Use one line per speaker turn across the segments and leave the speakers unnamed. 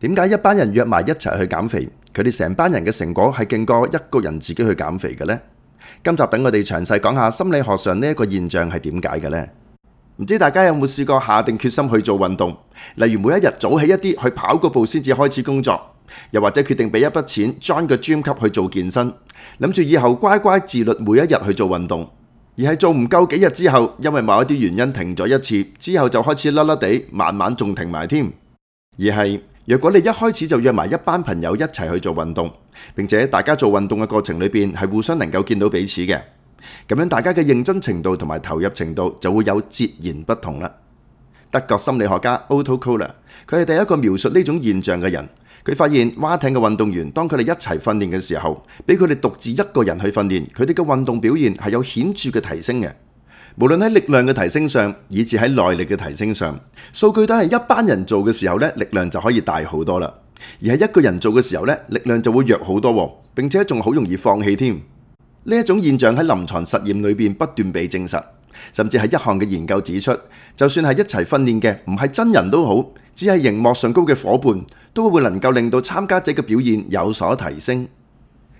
點解一班人約埋一齊去減肥，佢哋成班人嘅成果係勁過一個人自己去減肥嘅呢？今集等我哋詳細講下心理學上呢一個現象係點解嘅呢？唔知大家有冇試過下定決心去做運動，例如每一日早起一啲去跑個步先至開始工作，又或者決定俾一筆錢 join 個 gym 去做健身，諗住以後乖乖自律每一日去做運動，而係做唔夠幾日之後，因為某一啲原因停咗一次之後就開始甩甩地，慢慢仲停埋添，而係。若果你一開始就約埋一班朋友一齊去做運動，並且大家做運動嘅過程裏邊係互相能夠見到彼此嘅，咁樣大家嘅認真程度同埋投入程度就會有截然不同啦。德國心理學家 Otto Kohler，佢係第一個描述呢種現象嘅人。佢發現划艇嘅運動員當佢哋一齊訓練嘅時候，比佢哋獨自一個人去訓練，佢哋嘅運動表現係有顯著嘅提升嘅。無論喺力量嘅提升上，以至喺耐力嘅提升上，數據都係一班人做嘅時候咧，力量就可以大好多啦。而係一個人做嘅時候咧，力量就會弱好多，並且仲好容易放棄添。呢一種現象喺臨床實驗裏邊不斷被證實，甚至係一項嘅研究指出，就算係一齊訓練嘅唔係真人都好，只係熒幕上高嘅夥伴，都會能夠令到參加者嘅表現有所提升。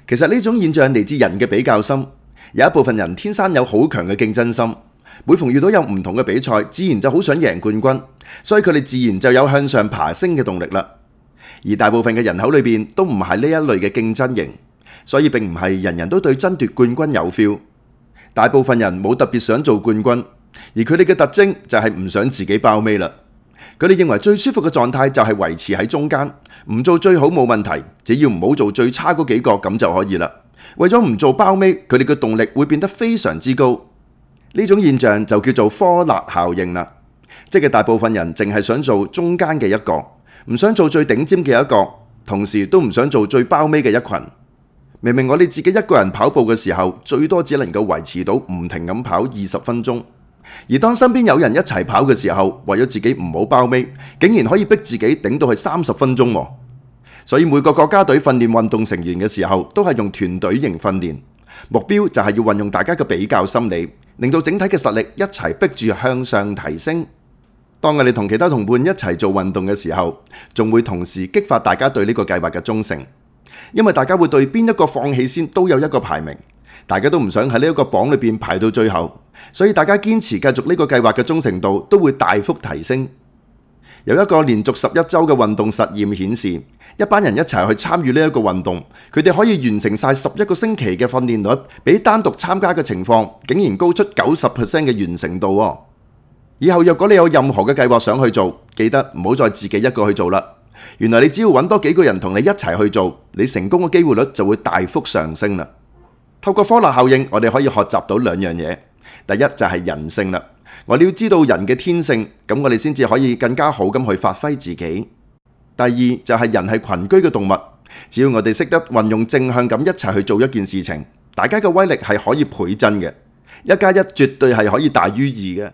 其實呢種現象嚟自人嘅比較心。有一部分人天生有好強嘅競爭心，每逢遇到有唔同嘅比賽，自然就好想贏冠軍，所以佢哋自然就有向上爬升嘅動力啦。而大部分嘅人口裏邊都唔係呢一類嘅競爭型，所以並唔係人人都對爭奪冠軍有 feel。大部分人冇特別想做冠軍，而佢哋嘅特徵就係唔想自己包尾啦。佢哋認為最舒服嘅狀態就係維持喺中間，唔做最好冇問題，只要唔好做最差嗰幾個咁就可以啦。為咗唔做包尾，佢哋嘅動力會變得非常之高。呢種現象就叫做科勒效應啦，即係大部分人淨係想做中間嘅一個，唔想做最頂尖嘅一個，同時都唔想做最包尾嘅一群。明明我哋自己一個人跑步嘅時候，最多只能夠維持到唔停咁跑二十分鐘，而當身邊有人一齊跑嘅時候，為咗自己唔好包尾，竟然可以逼自己頂到去三十分鐘。所以每個國家隊訓練運動成員嘅時候，都係用團隊型訓練，目標就係要運用大家嘅比較心理，令到整體嘅實力一齊逼住向上提升。當我哋同其他同伴一齊做運動嘅時候，仲會同時激發大家對呢個計劃嘅忠誠，因為大家會對邊一個放棄先都有一個排名，大家都唔想喺呢一個榜裏邊排到最後，所以大家堅持繼續呢個計劃嘅忠誠度都會大幅提升。有一個連續十一周嘅運動實驗顯示，一班人一齊去參與呢一個運動，佢哋可以完成晒十一個星期嘅訓練率，比單獨參加嘅情況竟然高出九十 percent 嘅完成度喎。以後若果你有任何嘅計劃想去做，記得唔好再自己一個去做啦。原來你只要揾多幾個人同你一齊去做，你成功嘅機會率就會大幅上升啦。透過科勒效應，我哋可以學習到兩樣嘢，第一就係人性啦。我哋要知道人嘅天性，咁我哋先至可以更加好咁去發揮自己。第二就係、是、人係群居嘅動物，只要我哋識得運用正向咁一齊去做一件事情，大家嘅威力係可以倍增嘅，一加一絕對係可以大於二嘅。